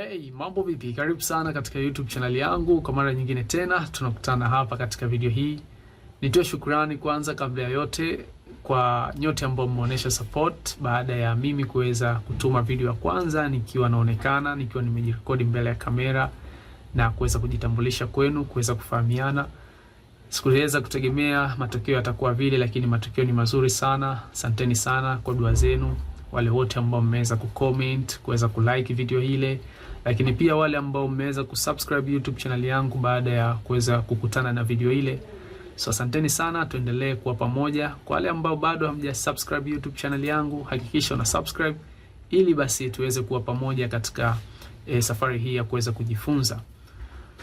Hey, mambo vipi? Karibu sana katika YouTube channel yangu kwa mara nyingine tena, tunakutana hapa katika video hii. Nitoe shukrani kwanza kabla ya yote kwa nyote ambao mmeonyesha support baada ya mimi kuweza kutuma video ya kwanza nikiwa naonekana, nikiwa nimejirekodi mbele ya kamera na kuweza kujitambulisha kwenu, kuweza kufahamiana. Sikuweza kutegemea matokeo yatakuwa vile, lakini matokeo ni mazuri sana. Asanteni sana kwa dua zenu, wale wote ambao mmeweza kucomment, kuweza kulike video ile lakini pia wale ambao mmeweza kusubscribe YouTube channel yangu baada ya kuweza kukutana na video ile. So asanteni sana, tuendelee kuwa pamoja. Kwa wale ambao bado hamja subscribe YouTube channel yangu, hakikisha una subscribe ili basi tuweze kuwa pamoja katika e, safari hii ya kuweza kujifunza.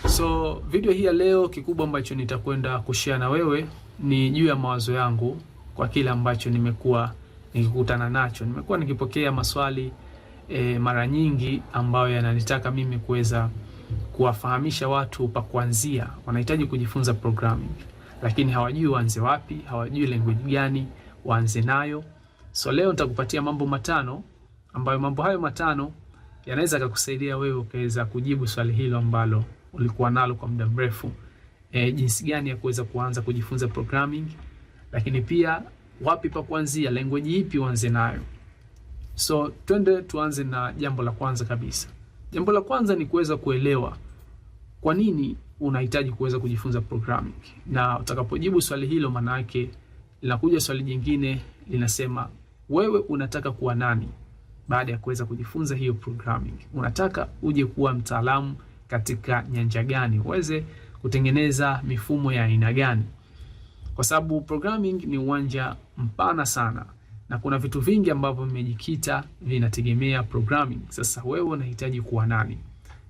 So video hii ya leo, kikubwa ambacho nitakwenda kushare na wewe ni juu ya mawazo yangu kwa kile ambacho nimekuwa nikikutana nacho. Nimekuwa nikipokea maswali e, mara nyingi ambayo yananitaka mimi kuweza kuwafahamisha watu pa kuanzia. Wanahitaji kujifunza programming lakini hawajui waanze wapi, hawajui language gani waanze nayo. So leo nitakupatia mambo matano ambayo mambo hayo matano yanaweza kukusaidia wewe ukaweza kujibu swali hilo ambalo ulikuwa nalo kwa muda mrefu. E, jinsi gani ya kuweza kuanza kujifunza programming, lakini pia wapi pa kuanzia, language ipi uanze nayo. So twende tuanze na jambo la kwanza kabisa. Jambo la kwanza ni kuweza kuelewa kwa nini unahitaji kuweza kujifunza programming, na utakapojibu swali hilo, maana yake linakuja swali jingine linasema, wewe unataka kuwa nani baada ya kuweza kujifunza hiyo programming? Unataka uje kuwa mtaalamu katika nyanja gani? Uweze kutengeneza mifumo ya aina gani? Kwa sababu programming ni uwanja mpana sana na kuna vitu vingi ambavyo vimejikita vinategemea programming. Sasa wewe unahitaji kuwa nani?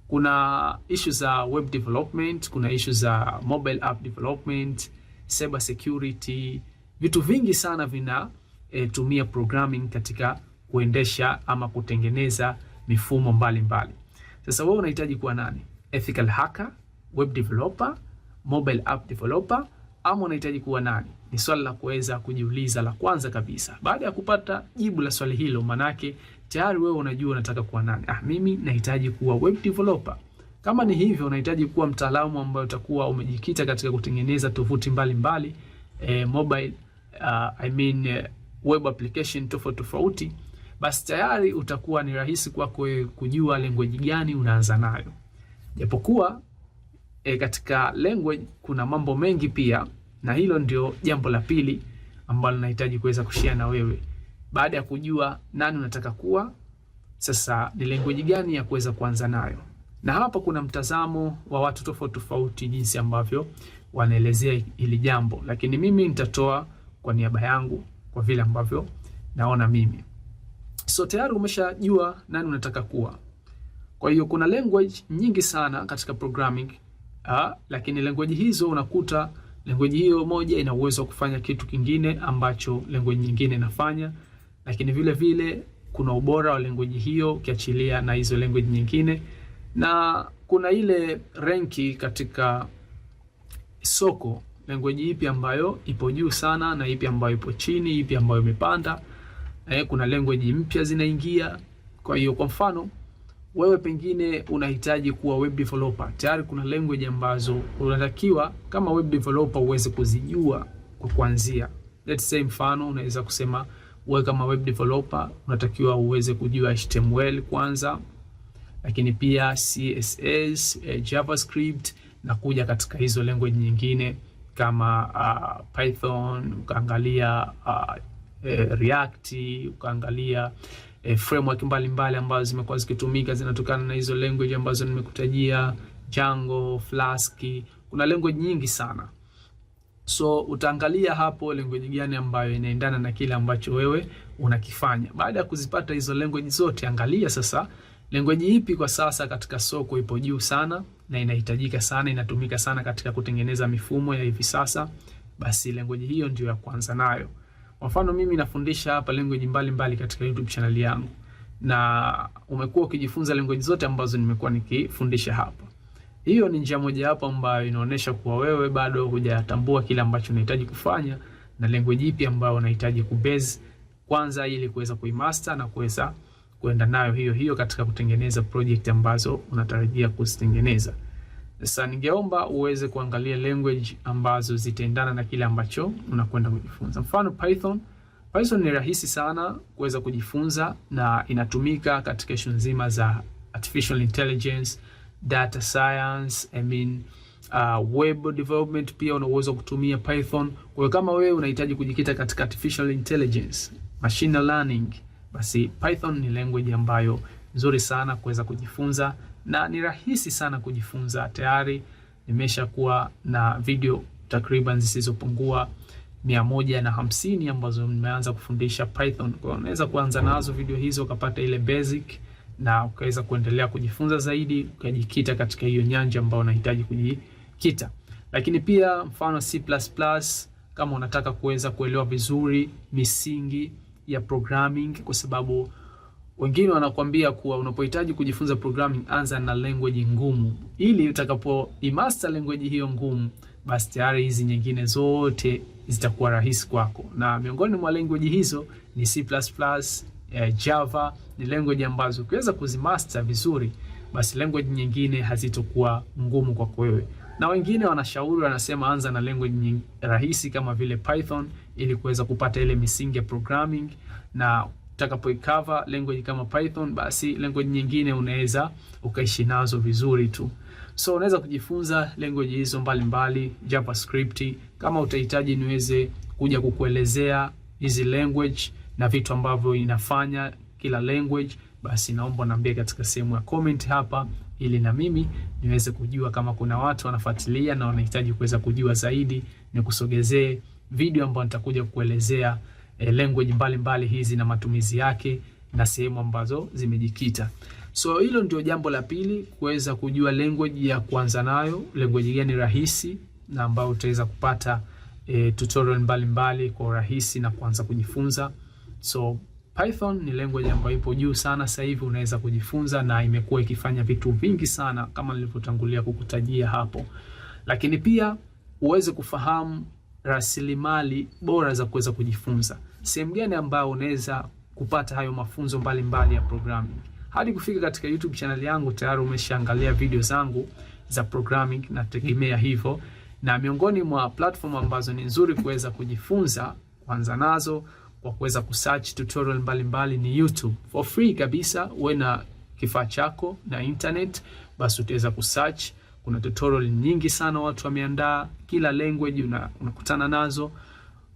Kuna issue za web development, kuna issue za mobile app development, cyber security, vitu vingi sana vinatumia eh, e, programming katika kuendesha ama kutengeneza mifumo mbalimbali mbali. Sasa wewe unahitaji kuwa nani? Ethical hacker, web developer, mobile app developer ama unahitaji kuwa nani? ni swali la kuweza kujiuliza la kwanza kabisa. Baada ya kupata jibu la swali hilo, manake tayari wewe unajua unataka kuwa nani. Ah, mimi nahitaji kuwa web developer. Kama ni hivyo, unahitaji kuwa mtaalamu ambaye utakuwa umejikita katika kutengeneza tovuti mbalimbali mbali, eh, mobile uh, I mean uh, web application tofauti tofauti, basi tayari utakuwa ni rahisi kwako wewe kujua language gani unaanza nayo, japokuwa eh, katika language kuna mambo mengi pia na hilo ndio jambo la pili ambalo nahitaji kuweza kushia na wewe. Baada ya kujua nani unataka kuwa, sasa ni language gani ya kuweza kuanza nayo? Na hapa kuna mtazamo wa watu tofauti tofauti jinsi ambavyo wanaelezea hili jambo, lakini mimi nitatoa kwa niaba yangu kwa vile ambavyo naona mimi. So tayari umeshajua nani unataka kuwa. Kwa hiyo kuna language nyingi sana katika programming, ha, ah, lakini language hizo unakuta Language hiyo moja ina uwezo wa kufanya kitu kingine ambacho language nyingine inafanya, lakini vile vile kuna ubora wa language hiyo ukiachilia na hizo language nyingine, na kuna ile renki katika soko, language ipi ambayo ipo juu sana na ipi ambayo ipo chini, ipi ambayo imepanda. Eh, kuna language mpya zinaingia. Kwa hiyo kwa mfano wewe pengine unahitaji kuwa web developer. Tayari kuna language ambazo unatakiwa kama web developer uweze kuzijua kwa kuanzia. Let's say mfano unaweza kusema wewe kama web developer unatakiwa uweze kujua HTML kwanza, lakini pia CSS, eh, JavaScript na kuja katika hizo language nyingine kama uh, Python ukaangalia uh, eh, React ukaangalia e, framework mbalimbali mbali ambazo zimekuwa zikitumika zinatokana na hizo language ambazo nimekutajia Django, Flask, kuna language nyingi sana. So utaangalia hapo language gani ambayo inaendana na kile ambacho wewe unakifanya. Baada ya kuzipata hizo language zote, angalia sasa language ipi kwa sasa katika soko ipo juu sana na inahitajika sana, inatumika sana katika kutengeneza mifumo ya hivi sasa, basi language hiyo ndio ya kwanza nayo. Kwa mfano mimi nafundisha hapa language mbalimbali katika YouTube channel yangu na umekuwa ukijifunza language zote ambazo nimekuwa nikifundisha hapa. Hiyo ni njia mojawapo ambayo inaonyesha kuwa wewe bado hujatambua kile ambacho unahitaji kufanya na language ipi ambayo unahitaji kubase kwanza, ili kuweza kuimaster na kuweza kuenda nayo hiyo hiyo katika kutengeneza project ambazo unatarajia kuzitengeneza. Sasa ningeomba uweze kuangalia language ambazo zitaendana na kile ambacho unakwenda kujifunza. Mfano Python. Python ni rahisi sana kuweza kujifunza na inatumika katika shughuli nzima za artificial intelligence, data science, I mean, uh, web development pia una uwezo kutumia Python. Kwa hiyo kama wewe unahitaji kujikita katika artificial intelligence, machine learning, basi Python ni language ambayo nzuri sana kuweza kujifunza na ni rahisi sana kujifunza. Tayari nimeshakuwa na video takriban zisizopungua mia moja na hamsini ambazo nimeanza kufundisha Python. Kwa hiyo unaweza kuanza nazo video hizo ukapata ile basic na ukaweza kuendelea kujifunza zaidi ukajikita katika hiyo nyanja ambayo unahitaji kujikita. Lakini pia mfano C++, kama unataka kuweza kuelewa vizuri misingi ya programming kwa sababu wengine wanakuambia kuwa unapohitaji kujifunza programming anza na language ngumu, ili utakapo master language hiyo ngumu, basi tayari hizi nyingine zote zitakuwa rahisi kwako. Na miongoni mwa language hizo ni C++, eh, Java ni language ambazo ukiweza kuzimaster vizuri, basi language nyingine hazitokuwa ngumu kwako wewe. Na wengine wanashauri wanasema, anza na language nyingi, rahisi kama vile Python ili kuweza kupata ile misingi ya programming na utakapoikava language kama Python, basi language nyingine unaweza ukaishi nazo vizuri tu. So unaweza kujifunza language hizo mbalimbali, JavaScript kama utahitaji niweze kuja kukuelezea hizi language na vitu ambavyo inafanya kila language, basi naomba niambie katika sehemu ya comment hapa, ili na mimi niweze kujua kama kuna watu wanafuatilia na wanahitaji kuweza kujua zaidi, nikusogezee video ambayo nitakuja kukuelezea eh, language mbalimbali hizi na matumizi yake na sehemu ambazo zimejikita. So hilo ndio jambo la pili, kuweza kujua language ya kuanza nayo, language gani rahisi na ambayo utaweza kupata e, tutorial mbalimbali mbali kwa urahisi na kuanza kujifunza. So Python ni language ambayo ipo juu sana sasa hivi, unaweza kujifunza na imekuwa ikifanya vitu vingi sana kama nilivyotangulia kukutajia hapo, lakini pia uweze kufahamu rasilimali bora za kuweza kujifunza sehemu gani ambayo unaweza kupata hayo mafunzo mbalimbali mbali ya programming. Hadi kufika katika YouTube channel yangu tayari umeshaangalia video zangu za programming, na tegemea hivyo, na miongoni mwa platform ambazo ni nzuri kuweza kujifunza kwanza nazo kwa kuweza kusearch tutorial mbalimbali mbali ni YouTube for free kabisa. Uwe na kifaa chako na internet, basi utaweza kusearch. Kuna tutorial nyingi sana watu wameandaa, kila language unakutana una nazo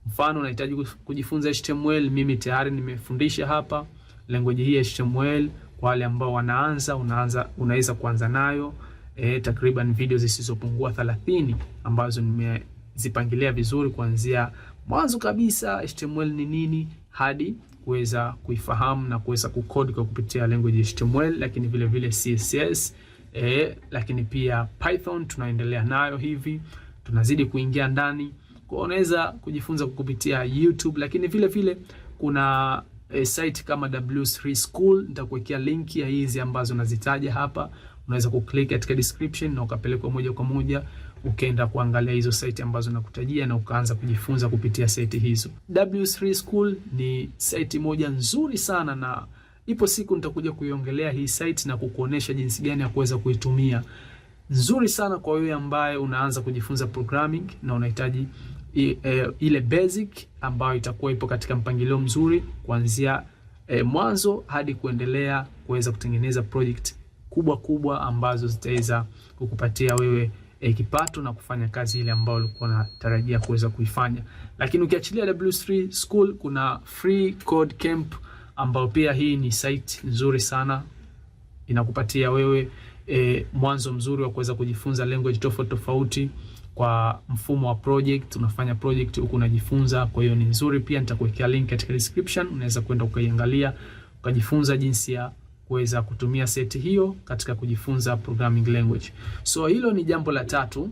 Mfano, unahitaji kujifunza HTML, mimi tayari nimefundisha hapa language hii ya HTML. Kwa wale ambao wanaanza, unaanza unaweza kuanza nayo e, takriban video zisizopungua 30 ambazo nimezipangilia vizuri kuanzia mwanzo kabisa HTML ni nini hadi kuweza kuifahamu na kuweza kukodi kwa kupitia language HTML, lakini vile vile CSS e, lakini pia Python tunaendelea nayo hivi, tunazidi kuingia ndani unaweza kujifunza kupitia YouTube, lakini vile vile kuna e, site kama W3 School. Nitakuwekea link ya hizi ambazo nazitaja hapa, unaweza kuklik katika description na ukapelekwa moja kwa moja ukaenda kuangalia hizo site ambazo nakutajia na ukaanza kujifunza kupitia site hizo. W3 School ni site moja nzuri sana na ipo siku nitakuja kuiongelea hii site na kukuonesha jinsi gani ya kuweza kuitumia. Nzuri sana kwa wewe ambaye unaanza kujifunza programming na unahitaji E, ile basic ambayo itakuwa ipo katika mpangilio mzuri kuanzia e, mwanzo hadi kuendelea kuweza kutengeneza project kubwa kubwa ambazo zitaweza kukupatia wewe e, kipato na kufanya kazi ile ambayo ulikuwa unatarajia kuweza kuifanya. Lakini ukiachilia W3 School kuna Free Code Camp ambayo pia hii ni site nzuri sana inakupatia wewe e, mwanzo mzuri wa kuweza kujifunza language tofauti tofauti kwa mfumo wa project, unafanya project huku unajifunza. Kwa hiyo ni nzuri pia, nitakuwekea link katika description, unaweza kwenda ukaiangalia ukajifunza jinsi ya kuweza kutumia seti hiyo katika kujifunza programming language. So hilo ni jambo la tatu,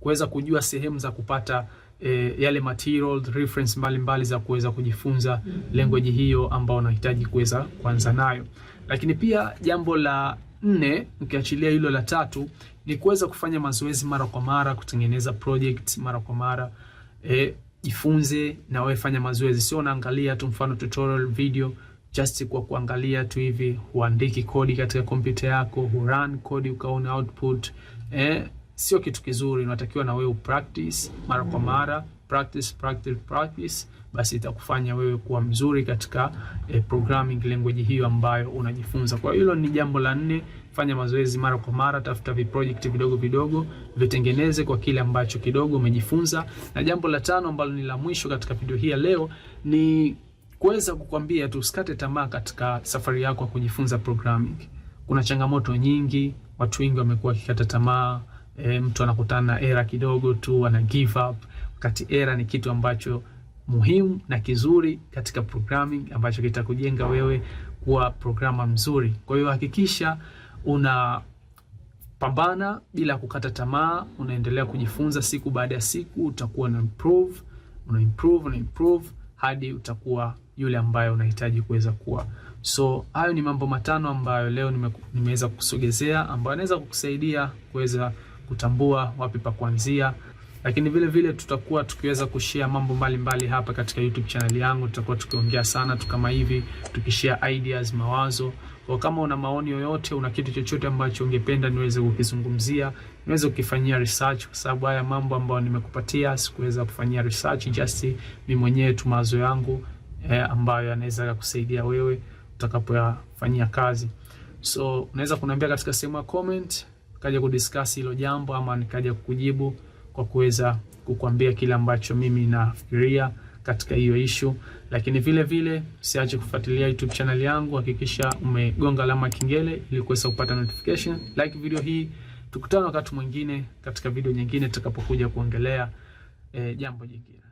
kuweza kujua sehemu za kupata E, yale material reference mbalimbali za kuweza kujifunza language hiyo ambao unahitaji kuweza kuanza nayo. Lakini pia jambo la nne, ukiachilia hilo la tatu, ni kuweza kufanya mazoezi mara kwa mara, kutengeneza project mara kwa mara. eh, jifunze na wewe fanya mazoezi, sio unaangalia tu mfano tutorial video just kwa kuangalia tu hivi, huandiki kodi katika kompyuta yako, hurun kodi ukaona output. Eh, sio kitu kizuri, unatakiwa na wewe upractice mara kwa mara practice, practice, practice, basi itakufanya wewe kuwa mzuri katika eh, programming language hiyo ambayo unajifunza. Kwa hilo ni jambo la nne, fanya mazoezi mara kwa mara, tafuta viproject vidogo vidogo, vitengeneze kwa kile ambacho kidogo umejifunza. Na jambo la tano ambalo ni la mwisho katika video hii ya leo ni kuweza kukwambia tu usikate tamaa katika safari yako ya kujifunza programming. Kuna changamoto nyingi, watu wengi wamekuwa wakikata tamaa. E, mtu anakutana na era kidogo tu ana give up, kati era ni kitu ambacho muhimu na kizuri katika programming ambacho kitakujenga wewe kuwa programa mzuri. Kwa hiyo hakikisha una pambana bila kukata tamaa, unaendelea kujifunza siku baada ya siku, utakuwa na improve, una improve, una improve hadi utakuwa yule ambaye unahitaji kuweza kuwa. So hayo ni mambo matano ambayo leo nime, nimeweza kusogezea ambayo anaweza kukusaidia kuweza kutambua wapi pa kuanzia lakini vile vile tutakuwa tukiweza kushare mambo mbalimbali mbali hapa katika YouTube channel yangu. Tutakuwa tukiongea sana tu kama hivi, tukishare ideas, mawazo. Kwa kama una maoni yoyote, una kitu chochote ambacho ungependa niweze kukizungumzia, niweze kukifanyia research, kwa sababu haya mambo ambayo nimekupatia sikuweza kufanyia research, just mimi mwenyewe tu mawazo yangu eh, ambayo yanaweza kukusaidia wewe utakapofanyia kazi. So unaweza kuniambia katika sehemu ya comment, kaja kudiscuss hilo jambo ama nikaja kukujibu kwa kuweza kukuambia kile ambacho mimi nafikiria katika hiyo ishu, lakini vile vile usiache kufuatilia YouTube channel yangu, hakikisha umegonga alama kengele ili kuweza kupata notification. Like video hii, tukutane wakati mwingine katika video nyingine tutakapokuja kuongelea eh, jambo jingine.